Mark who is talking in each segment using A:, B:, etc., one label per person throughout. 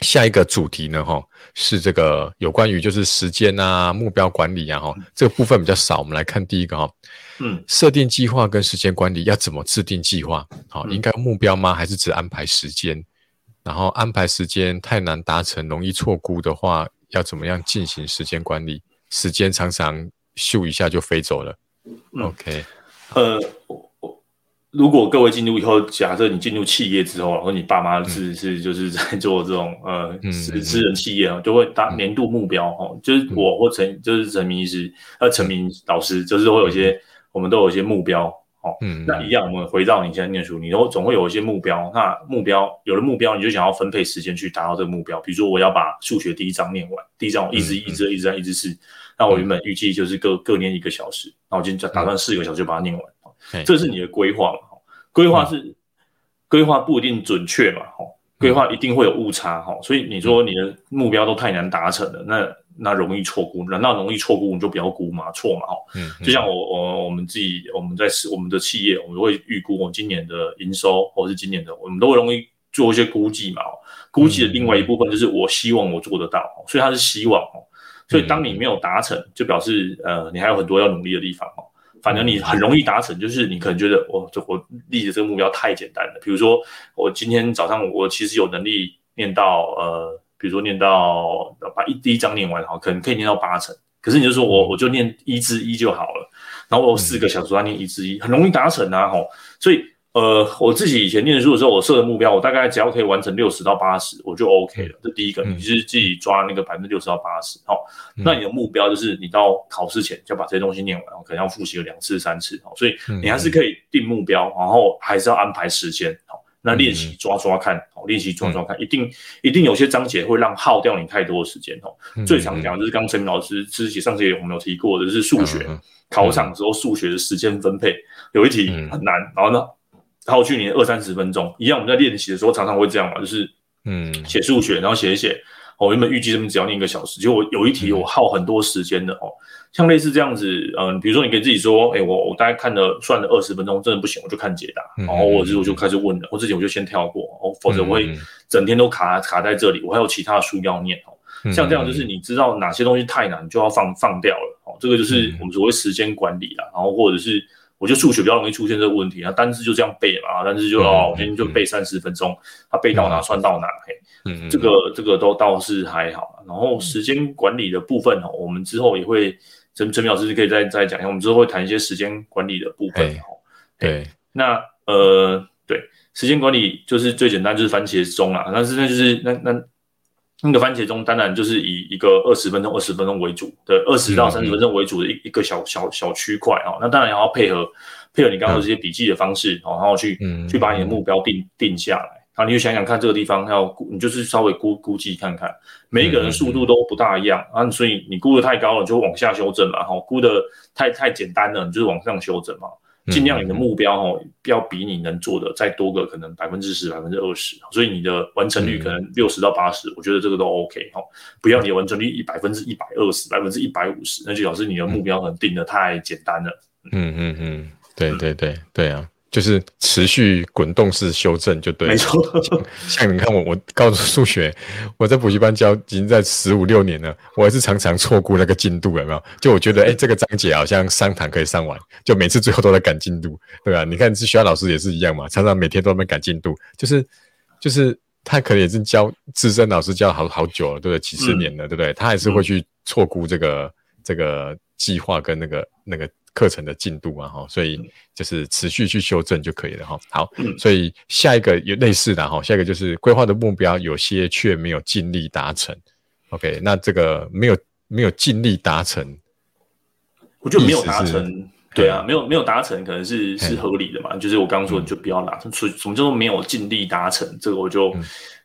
A: 下一個主題呢，哈，是這個有關於就是時間啊、目標管理啊，哈，這個部分比較少。我們來看第一個哈，嗯，設定計劃跟時間管理要怎麼制定計劃？好，應該目標嗎？還是只安排時間？然後安排時間太難達成，容易錯估的話，要怎麼樣進行時間管理？時間常常咻一下就飛走了。嗯，OK，呃。
B: 如果各位進入以後，假設你進入企業之後，然後你爸媽是、嗯、是就是在做這種呃、嗯、私人企業啊，就會達年度目標、嗯、哦。就是我或陳就是陳璿丞醫師，嗯、呃陳璿丞老師，就是會有一些、嗯，我們都有一些目標哦、嗯。那一樣，我們回到你現在念書，你都總會有一些目標。那目標有了目標，你就想要分配時間去達到這個目標。比如說，我要把數學第一章念完，第一章我一直一直一直在一直試、嗯。那我原本預計就是各各念一個小時，那、嗯、我就打算四個小時就把它念完。嗯嗯這是你的規劃嘛，規劃是、嗯、規劃不一定準確嘛，哈，規劃一定會有誤差，哈、嗯哦，所以你說你的目標都太難達成了，嗯、那那容易錯估，難道容易錯估你就不要估嘛，錯嘛，哈、嗯嗯，就像我我我們自己我們在我們的企業，我們會預估我們今年的營收或者是今年的，我們都會容易做一些估計嘛，估計的另外一部分就是我希望我做得到，所以它是希望，所以當你沒有達成、嗯、就表示呃你還有很多要努力的地方，反正你很容易達成，就是你可能覺得，我、哦、就我立的這個目標太簡單了。比如說，我今天早上我其實有能力念到，呃，比如說念到把一第一章念完哈，可能可以念到八成。可是你就說我我就念一至一就好了，然後我有四個小時他念一至一，嗯、很容易達成啊，吼，所以。呃，我自己以前念書的時候，我設的目標，我大概只要可以完成六十到八十，我就 OK 了。嗯、這第一個，你是自己抓那個百分之六十到八十。好，那你的目標就是你到考試前就把這些東西念完，可能要複習個兩次三次。所以你還是可以定目標，嗯、然後還是要安排時間。好、嗯，那練習抓抓看，好、嗯，練、嗯、習抓抓看，一定一定有些章節會讓耗掉你太多的時間。哦、嗯嗯，最常講就是剛才陳明老師之前上次我們有提過，就是數學、嗯嗯、考場的時候數學的時間分配，有一題很難，嗯、然後呢，耗去你二三十分鐘一樣，我們在練習的時候常常會這樣嘛，就是嗯，寫數學，然後寫一寫。哦，原本預計這邊只要念一個小時，結果有一題我耗很多時間的、嗯、哦。像類似這樣子，嗯、呃，比如說你給自己說，哎、欸，我我大概看了算了二十分鐘，真的不行，我就看解答。嗯、然後我我就開始問了，嗯、或者是我自己我就先跳過哦，否則我會整天都卡卡在這裡。我還有其他的書要念哦。像這樣就是你知道哪些東西太難，你就要放放掉了哦。這個就是我們所謂時間管理啦，嗯、然後或者是。我就數學比較容易出現這個問題，啊，單字就這樣背嘛，單字就哦，我、嗯嗯、今天就背三十分鐘，他、嗯、背到哪算到哪，嗯，嗯這個、嗯、這個都倒是還好。然後時間管理的部分哦，我們之後也會陳陳老師就可以再再講一下，我們之後會談一些時間管理的部分、哦、對，那呃對，時間管理就是最簡單就是番茄鐘啊，但是那就是那那。那那個番茄鐘當然就是以一個二十分鐘、二十分鐘為主的二十到三十分鐘為主的一一個小、嗯嗯、小小區塊啊，那當然也要配合配合你剛剛這些筆記的方式，好、嗯，然後去去把你的目標定定下來，然後你就想想看這個地方要估，你就是稍微估估計看看，每一個人速度都不大一樣、嗯嗯、啊，所以你估的太高了就往下修正嘛，好、哦，估的太太簡單了你就是往上修正嘛。盡量你的目標哦，要比你能做的再多個可能百分之十、百分之二十，所以你的完成率可能六十到八十、嗯，我覺得這個都 OK 好，不要你的完成率一百分之一百二十、百分之一百五十，那就表示你的目標可能定得、嗯、太簡單了。嗯嗯嗯，
A: 對對對、嗯、對，對，對，對啊。就是持續滾動式修正，就對。沒錯像，像你看我，我高中數學，我在補習班教已經在十五六年了，我還是常常錯估那個進度，有沒有？就我覺得，哎、欸，這個章節好像上堂可以上完，就每次最後都在趕進度，對吧？你看，是學校老師也是一樣嘛，常常每天都在趕進度，就是，就是他可能也是教資深老師教好好久了，對不對？幾十年了，對不對？他還是會去錯估這個這個計劃跟那個那個。課程的進度啊哈，所以就是持續去修正就可以了哈。好，所以下一個有類似的哈，下一個就是規劃的目標有些卻沒有盡力達成。OK，那這個沒有沒有盡力達成，我覺得沒有達成，
B: 對啊，沒有沒有達成可能是是合理的嘛。就是我剛剛說就不要拿，所、嗯、以什麼叫做沒有盡力達成？這個我就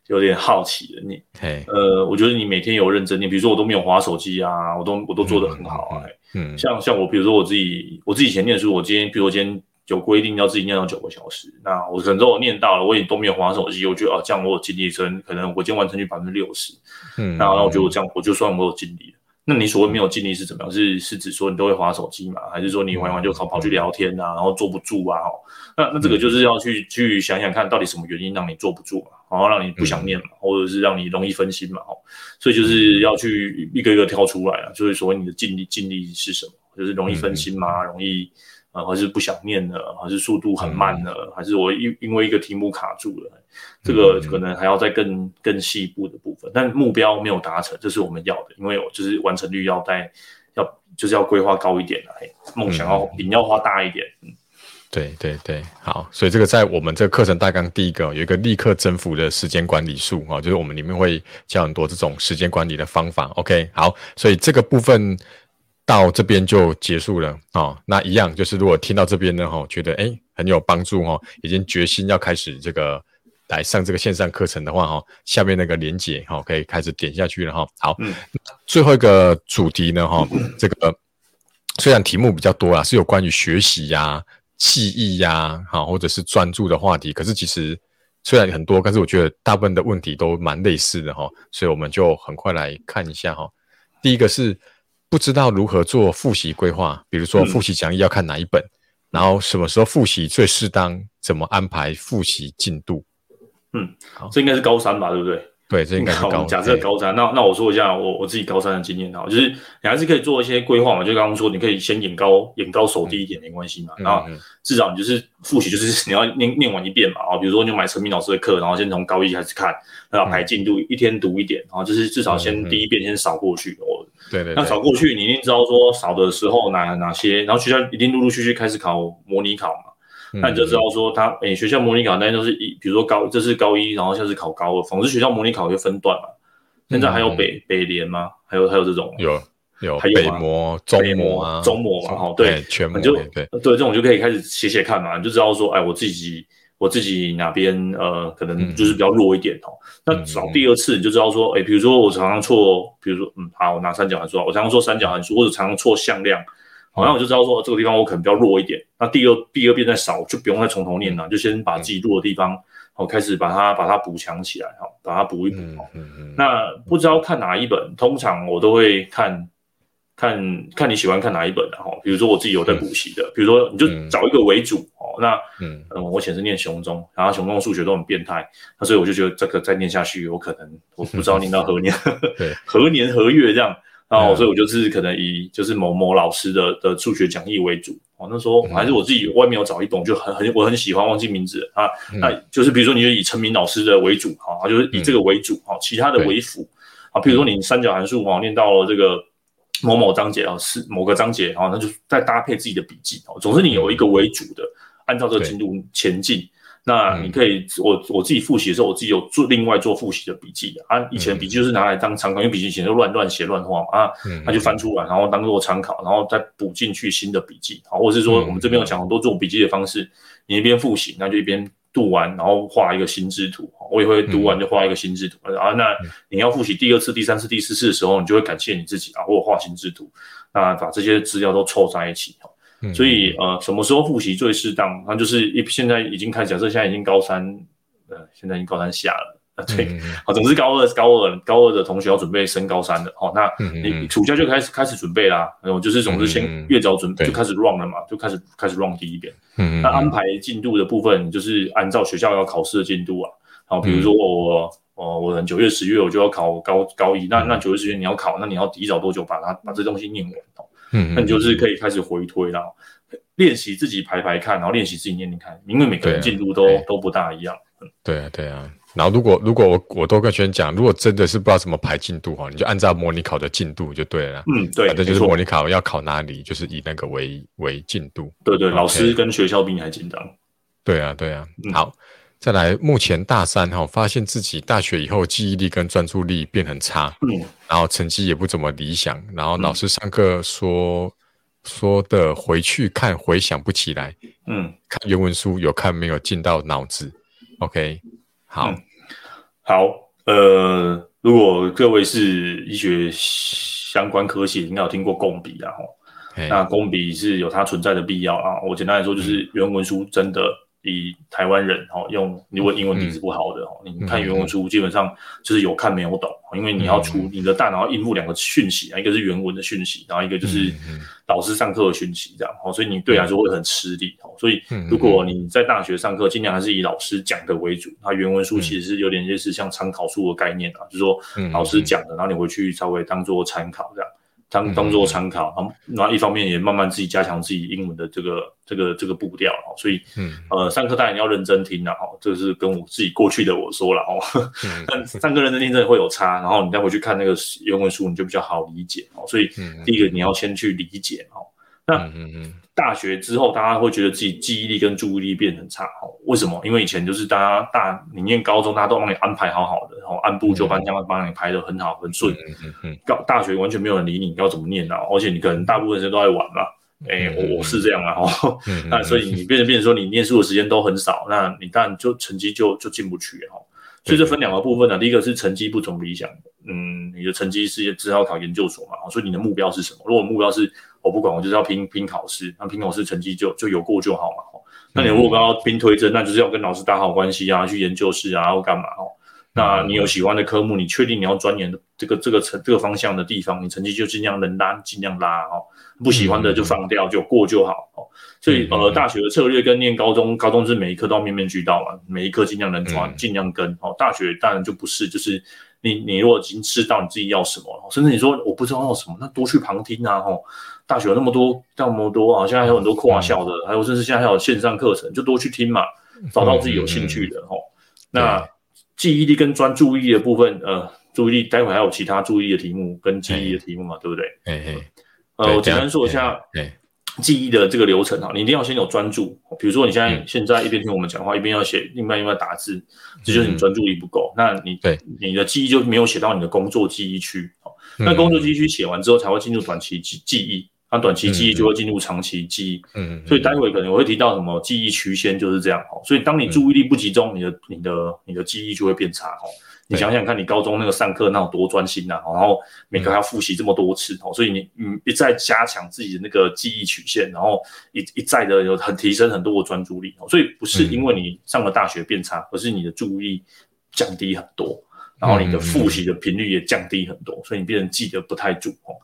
B: 有點好奇了你。你呃，我覺得你每天有認真，你比如說我都沒有滑手機啊，我都我都做得很好啊、欸。嗯嗯嗯，像像我，比如說我自己，我自己以前念書，我今天，比如說今天有規定要自己念到九個小時，那我可能說我念到了，我也都沒有滑手機，我覺得啊，這樣我有盡力，真可能我今天完成率百分之六十，嗯，那然後我覺得我這樣我就算我有盡力，嗯。那你所謂沒有盡力是怎麼樣？是是指說你都會滑手機嗎？還是說你玩完就跑跑去聊天啊，嗯、然後坐不住啊？嗯、那那這個就是要去去想想看到底什麼原因讓你坐不住啊。然後讓你不想念嘛、嗯，或者是讓你容易分心嘛，哦、嗯，所以就是要去一個一個挑出來了、嗯，就是所謂你的盡力盡力是什麼，就是容易分心嗎、嗯？容易啊、呃，還是不想念了？還是速度很慢呢、嗯？還是我因因為一個題目卡住了？嗯、這個可能還要再更更細部的部分、嗯，但目標沒有達成，這是我們要的，因為就是完成率要再要就是要規劃高一點來，夢想要、嗯嗯、品要花大一點，嗯。
A: 對對對，好，所以這個在我們這個課程大綱第一個有一個立刻征服的時間管理術哈、哦，就是我們裡面會教很多這種時間管理的方法。OK，好，所以這個部分到這邊就結束了哦。那一樣就是如果聽到這邊呢哈、哦，覺得哎很有幫助哈、哦，已經決心要開始這個來上這個線上課程的話哈、哦，下面那個連結哈、哦、可以開始點下去了哈、哦。好，最後一個主題呢哈、哦，這個雖然題目比較多啊，是有關於學習呀、啊。記憶呀，好，或者是專注的話題。可是其實雖然很多，但是我覺得大部分的問題都蠻類似的哈，所以我們就很快來看一下哈。第一個是不知道如何做複習規劃，比如說複習講義要看哪一本，嗯，然後什麼時候複習最適當，怎麼安排複習進度。嗯，
B: 好，這應該是高三吧，對不對？對，這應該是高，假設高三，那那我說一下我我自己高三的經驗，哈，就是你還是可以做一些規劃嘛。就剛剛說，你可以先眼高眼高手低一點、嗯、沒關係嘛、嗯，然後至少你就是複習，就是你要念、嗯、念完一遍嘛，啊，比如說你買陳明老師的課，然後先從高一開始看，然後排進度、嗯，一天讀一點，然後就是至少先第一遍先掃過去、嗯。哦，對對，那掃過去，你一定知道說掃的時候哪哪些，然後學校一定陸陸續續開始考模擬考嘛。那你就知道說他，他、欸、誒，學校模擬考那些都是一，比如說高，這是高一，然後下次考高二，反正學校模擬考就分段嘛。現在還有北、嗯、北聯嗎？還有還有這種？有有還有北模、
A: 中模、啊、中模嘛？哦，對，全模。對
B: 對，對這種就可以開始寫寫看嘛，你就知道說，哎、欸，我自己我自己哪邊呃，可能就是比較弱一點哦、喔。那、嗯、找第二次你就知道說，哎、欸，比如說我常常錯，比如說嗯好，啊、我拿三角函數、啊，我常常錯三角函數，或者常常錯向量。好像我就知道說這個地方我可能比較弱一點，那第二第二遍再掃，就不用再從頭念了，就先把自己弱的地方、嗯，哦，開始把它把它補強起來哈，把它補一補、嗯嗯嗯哦。那不知道看哪一本，通常我都會看，看看你喜歡看哪一本然後、哦、比如說我自己有在補習的，嗯、比如說你就找一個為主、嗯、哦。那嗯嗯，嗯，我以前是念雄中，然後雄中數學都很變態，那所以我就覺得這個再念下去有可能，我不知道念到何年、嗯嗯嗯、 何年何月這樣。然、啊、後，所以我就是可能以就是某某老師的的數學講義為主，哦、啊、那時候還是我自己外面有找一本，就很很我很喜歡忘記名字啊，那、啊嗯、就是比如說你就以陳明老師的為主啊，就是以這個為主啊、嗯，其他的為輔、嗯、啊，比如說你三角函數啊念到了這個某某章節啊是某個章節啊，那就再搭配自己的筆記、啊、總之你有一個為主的，嗯、按照這個進度前進。那你可以，嗯、我我自己複習的時候，我自己有做另外做複習的筆記啊。以前筆記就是拿來當參考，嗯，因為筆記以前就亂亂寫亂、亂畫嘛。啊，那、嗯嗯、就翻出來，然後當做參考，然後再補進去新的筆記啊。或者是說，我們這邊有講很多做筆記的方式，嗯，你一邊複習，嗯、那就一邊讀完，然後畫一個心智圖，嗯哦、我也會讀完就畫一個心智圖，嗯、啊。那你要複習第二次、第三次、第四次的時候，你就會感謝你自己啊，或者畫心智圖，那把這些資料都湊在一起所以呃，什麼時候複習最適當？那就是一現在已經開始，假設現在已經高三，呃，現在已經高三下了啊。對，嗯、好，總之高二、高二、高二的同學要準備升高三的，好、哦，那你暑假、嗯嗯、就開始開始準備啦、啊。我就是總之先越早準備、嗯、就開始 run 了嘛，就開始開始 run 第一遍。嗯，那安排進度的部分，就是按照學校要考試的進度啊。好，比如說我、嗯呃、我我九月十月我就要考高高一、嗯，那那九月十月你要考，那你要提早多久把它把這東西唸完？哦嗯，那你就是可以開始回推了，嗯，練習自己排排看，然後練習自己念念看，因為每個人進度都、嗯啊欸、都不大一樣，嗯。
A: 對啊，對啊。然後如果如果我我都跟學生講，如果真的是不知道怎麼排進度哈、哦，你就按照模擬考的進度就對了。嗯，對，反、啊、正就是模擬考要考哪裡，就是以那個為為進度。對對，okay，老師
B: 跟學校比你還緊張。
A: 對啊，對啊。嗯，好。再來，目前大三哈、哦，發現自己大學以後記憶力跟專注力變很差、嗯，然後成績也不怎麼理想，然後老師上課說、嗯、說的回去看回想不起來，嗯，看原文書有看沒有進到腦子，OK，、嗯、好，
B: 好，呃，如果各位是醫學相關科系，應該有聽過共筆啊。那共筆是有它存在的必要啊，我簡單來說就是原文書真的。比台灣人哦，用如果英文底子不好的哦、嗯嗯嗯，你看原文書基本上就是有看沒有懂，嗯、因為你要出、嗯、你的大腦要應付兩個訊息啊、嗯，一個是原文的訊息，然後一個就是老師上課的訊息，這樣哦、嗯嗯，所以你對來說會很吃力哦、嗯。所以如果你在大學上課，盡、嗯、量還是以老師講的為主。那、嗯、原文書其實是有點類似像參考書的概念啊，嗯、就是說老師講的，然後你回去稍微當做參考這樣。當當做參考、嗯，然後一方面也慢慢自己加強自己英文的這個這個這個步調，所以、嗯，呃，上課當然要認真聽了哦，這是跟我自己過去的我說了哦、嗯，但上課認真聽真的會有差，然後你再回去看那個原文書，你就比較好理解哦，所以第一個你要先去理解哦、嗯。那大學之後大家會覺得自己記憶力跟注意力變得很差哦，為什麼？因為以前就是大家大你念高中，大家都幫你安排好好的哦。按部就班，這樣幫你排得很好很順。嗯嗯大學完全沒有人理你，你要怎麼念叨、啊、而且你可能大部分時間都在玩嘛、欸。誒我是這樣啊。哦，那所以你變成變成說，你念書的時間都很少，那你當然就成績就就進不去啊。所以這分兩個部分呢第一個是成績不怎麼理想。嗯，你的成績是只要考研究所嘛。所以你的目標是什麼？如果目標是我不管，我就是要拼拼考試，那拼考試成績就就有過就好嘛。那你如果要拼推甄，那就是要跟老師打好關係啊，去研究室啊，要幹嘛哦？那你有喜歡的科目，你確定你要鑽研的這個、okay. 這個、這個、這個方向的地方，你成績就盡量能拉盡量拉哦。不喜歡的就放掉，mm -hmm. 就過就好哦。所以呃，mm -hmm. 大學的策略跟念高中，高中是每一科都要面面俱到嘛，每一科盡量能抓，mm -hmm. 盡量跟哦。大學當然就不是，就是你你如果已經知道你自己要什麼，甚至你說我不知道要什麼，那多去旁聽啊哦。大學那麼多那麼多，那麼多啊，現在還有很多跨校的，mm -hmm. 還有甚至現在還有線上課程，就多去聽嘛，找到自己有興趣的哦。Mm -hmm. 那。Mm -hmm. 記憶力跟專注力的部分，呃，注意力，待會還有其他注意的題目跟記憶的題目嘛，hey, 對不對？哎哎，呃，我簡單說一下，記憶的這個流程啊，hey, hey. 你一定要先有專注，比如說你現在、嗯、現在一邊聽我們講話，一邊要寫，另外一邊要打字，這就是你專注力不夠，嗯、那你對你的記憶就沒有寫到你的工作記憶區、嗯哦，那工作記憶區寫完之後才會進入短期記記憶。短期記憶就會進入長期記憶，嗯，所以待會可能我會提到什麼記憶曲線就是這樣哦。所以當你注意力不集中，你的、你的、你的記憶就會變差哦。你想想看，你高中那個上課那有多專心啊，然後每個還要複習這麼多次哦。所以你、你一再加強自己的那個記憶曲線，然後一、一再的有很提升很多的專注力哦。所以不是因為你上了大學變差，而是你的注意降低很多，然後你的複習的頻率也降低很多，所以你變成記得不太住哦。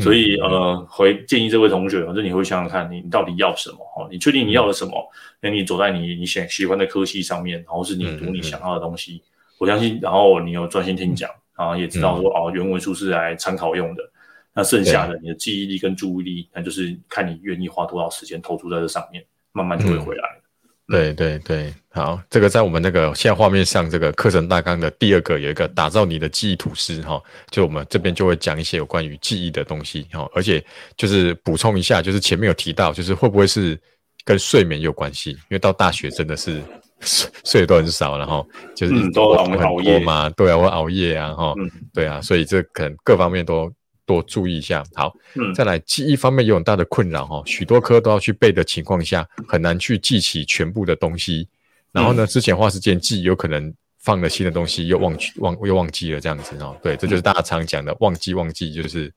B: 所以，呃，回建議這位同學，反正你會想想看你，你到底要什麼？哦，你確定你要了什麼？那、嗯、你走在你你想喜歡的科系上面，然後是你讀你想要的東西、嗯嗯嗯。我相信，然後你有專心聽講，然、啊、後也知道說、嗯、哦，原文書是來參考用的、嗯。那剩下的你的記憶力跟注意力、嗯，那就是看你願意花多少時間投注在這上面，慢慢就會回來。嗯嗯嗯。
A: 對對對，好，這個在我們那個現在畫面上，這個課程大綱的第二個有一個打造你的記憶吐司哈，就我們這邊就會講一些有關於記憶的東西哈，而且就是補充一下，就是前面有提到，就是會不會是跟睡眠有關係？因為到大學真的是睡 睡都很少了，然後就是我很多很嘛，嗯、都要會、啊、熬夜啊，哈，對啊，所以這可能各方面都。多注意一下，好。再來記憶方面有很大的困擾哦，許多科都要去背的情況下，很難去記起全部的東西。然後呢，之前花時間記，有可能放了新的東西又忘記，忘又忘記了這樣子哦。對，這就是大家常講的忘記忘記，就是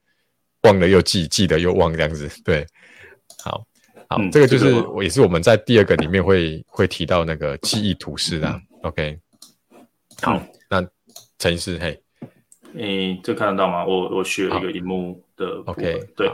A: 忘了又記，記得又忘這樣子。對，好好，這個就是也是我們在第二個裡面會會提到那個記憶圖示啦、嗯、OK，好，嗯、那陳醫師嘿。
B: 誒、欸，這看得到嗎？我我學了一個屏幕的部分。OK，對，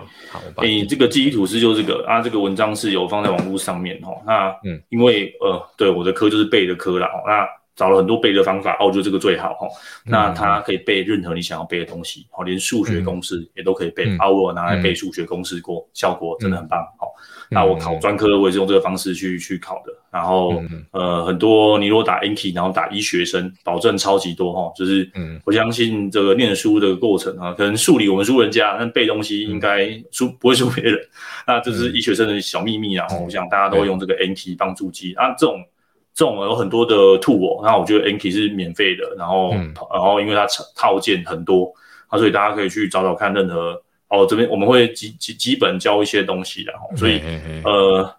B: 你、欸、這個記憶吐司就是這個啊，這個文章是有放在網絡上面哦。那嗯，因為呃，對我的科就是背的科啦。那找了很多背的方法哦，就這個最好哈、哦嗯。那它可以背任何你想要背的東西哦，連數學公式也都可以背。我、嗯啊、我拿來背數學公式過、嗯，效果真的很棒、嗯、哦。那我考專科，我也是用這個方式去去考的。然後、嗯，呃，很多你如果打 Anki，然後打醫學生，保證超級多哈、哦。就是，我相信這個念書的過程啊，可能數理我們輸人家，但背東西應該輸、嗯、不會輸別人。那這是醫學生的小秘密啊！然後我想大家都會用這個 Anki 幫助記。那、哦啊、這種這種有很多的 tool，、哦、那我覺得 Anki 是免費的。然後、嗯，然後因為它套件很多，啊，所以大家可以去找找看任何。哦，這邊我們會基基基本教一些東西的，所以 hey, hey, hey. 呃，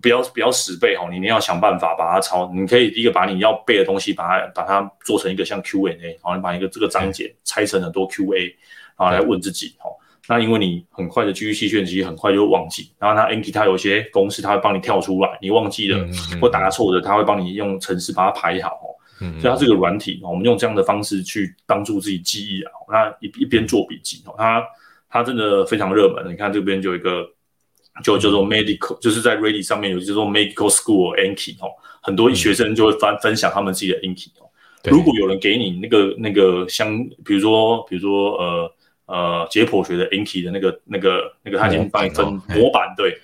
B: 不要不要死背哦，你一定要想辦法把它抄。你可以一個把你要背的東西，把它把它做成一個像 Q&A，然、喔、後把一個這個章節拆成很多 QA，然後來問自己。哈、hey. 喔，那因為你很快的記一記全集，很快就會忘記。然後那 Anki 它有些公式，它會幫你跳出來，你忘記了、嗯、或打錯的，它會幫你用程式把它排好。嗯喔、所以它是個軟體，我們用這樣的方式去幫助自己記憶啊。那一一邊做筆記，喔、它。他真的非常熱門的，你看這邊就有一個，嗯、就叫做 medical，就是在 Reddit 上面有叫做 medical school Anki、嗯、哦，很多學生就會分、嗯、分享他們自己的 Anki 哦。如果有人給你那個那個像，比如說比如說呃呃解剖學的 Anki 的那個那個那個，他已經發一份模板，對，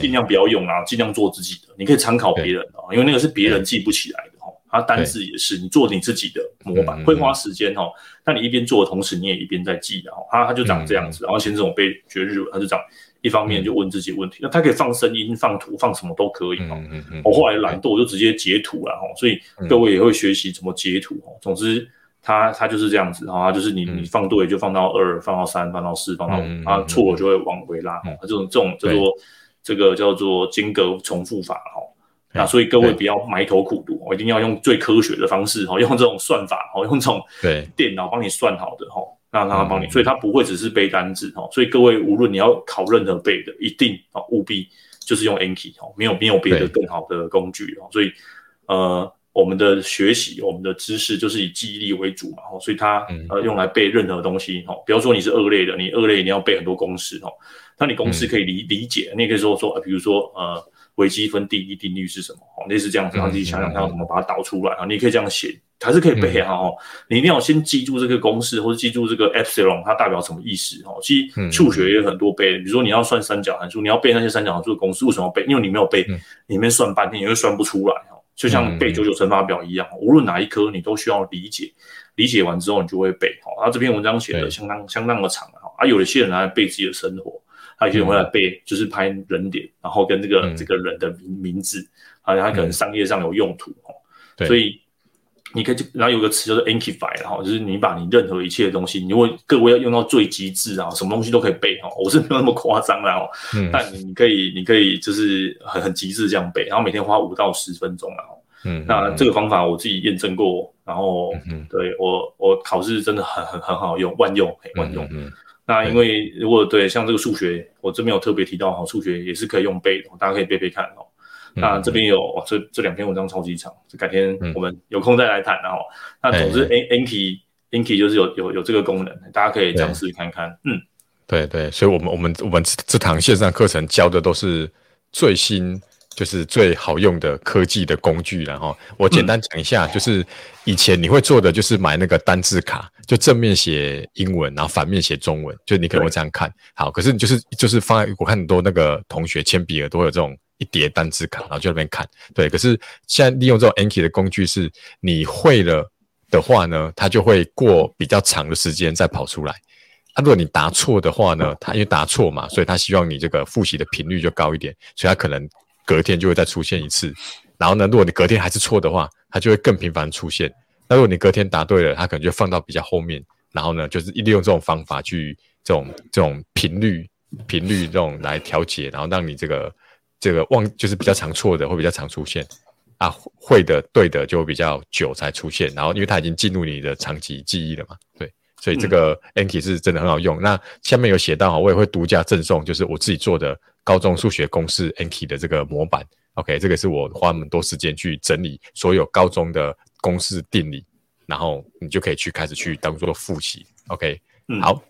B: 盡量不要用啦、啊，盡量做自己的，你可以參考別人啊，因為那個是別人記不起來的。他單字也是，你做你自己的模板，嗯嗯、會花時間哦。那你一邊做的同時，你也一邊在記的哦。他他就長這樣子，嗯，然後先這種背學日文，他就長一方面就問自己問題，那、嗯、他可以放聲音、放圖、放什麼都可以哦。我、嗯嗯嗯哦、後來懶惰，我就直接截圖了哈、哦。所以各位也會學習怎麼截圖哦。總之，他他就是這樣子，哦，然他就是你、嗯、你放對就放到二，放到三，放到四，放到五，嗯，然後錯就會往回拉。哦、嗯嗯，這種這種叫做這，這個叫做間、這個、隔重複法哈、哦。啊、所以各位不要埋頭苦讀，一定要用最科學的方式，哈，用這種算法，哈，用這種電腦幫你算好的，哈，讓它幫你，嗯、所以它不會只是背單字，哈，所以各位無論你要考任何背的，一定，哈，務必就是用 Anki，哈，沒有沒有別的更好的工具，哈，所以，呃，我們的學習，我們的知識就是以記憶力為主嘛，哈，所以它呃用來背任何東西，哈、嗯，比方說你是二類的，你二類你要背很多公式，哈，那你公式可以理、嗯、理解，你也可以說說，比如說呃。微積分第一定律是什麼？哦，類似這樣子，然後自己想想看怎麼把它導出來啊、嗯嗯嗯。你可以這樣寫，還是可以背哈、啊。哦、嗯嗯，你一定要先記住這個公式，或者記住這個 epsilon，它代表什麼意思？哦，其實數學也有很多背，比如說你要算三角函數，你要背那些三角函數的公式，為什麼要背？因為你沒有背，你裡面算半天你會算不出來。哦，就像背九九乘法表一樣，無論哪一科，你都需要理解。理解完之後，你就會背。好，那這篇文章寫的相當相當的長啊。啊，有一些人拿來背自己的生活。就、嗯、會來背，就是拍人臉，然後跟這個、嗯、這個人的名名字，啊，然後可能商業上有用途對、嗯，所以你可以就，然後有個詞叫做 Ankify，然後就是你把你任何一切的東西，你問各位要用到最極致啊，什麼東西都可以背哦。我是沒有那麼誇張啦哦，但你可以你可以就是很很極致這樣背，然後每天花五到十分鐘啊。嗯，那這個方法我自己驗證過，然後對我我考試真的很很很好用，萬用，萬用。嗯，嗯，嗯那因為如果對像這個數學，我這邊有特別提到哦，數學也是可以用背的、哦，大家可以背背看哦。那這邊有這這兩篇文章超級長，改天我們有空再來談哦。然後，那總之，Anki，Anki 就是有有有這個功能，大家可以嘗試看看。嗯，
A: 對對，所以我們我們我們這這堂線上課程教的都是最新。就是最好用的科技的工具，然後我簡單講一下，嗯、就是以前你會做的就是買那個單字卡，就正面寫英文，然後反面寫中文，就你可能會這樣看好，可是你就是就是放在我看很多那個同學鉛筆盒都有這種一疊單字卡，然後就在那邊看，對，可是現在利用這種 Anki 的工具是你會了的話呢，它就會過比較長的時間再跑出來，它、啊、如果你答錯的話呢，它因為答錯嘛，所以它希望你這個複習的頻率就高一點，所以它可能，隔天就會再出現一次，然後呢，如果你隔天還是錯的話，它就會更頻繁出現。那如果你隔天答對了，它可能就放到比較後面。然後呢，就是利用這種方法去這種這種頻率頻率這種來調節，然後讓你這個這個忘就是比較常錯的會比較常出現啊，會的對的就會比較久才出現。然後因為它已經進入你的長期記憶了嘛，對，所以這個 Anki 是真的很好用。那下面有寫到，我也會獨家贈送，就是我自己做的。高中數學公式 Anki 的這個模板，OK，這個是我花很多時間去整理所有高中的公式定理，然後你就可以去開始去當做複習，OK，好。嗯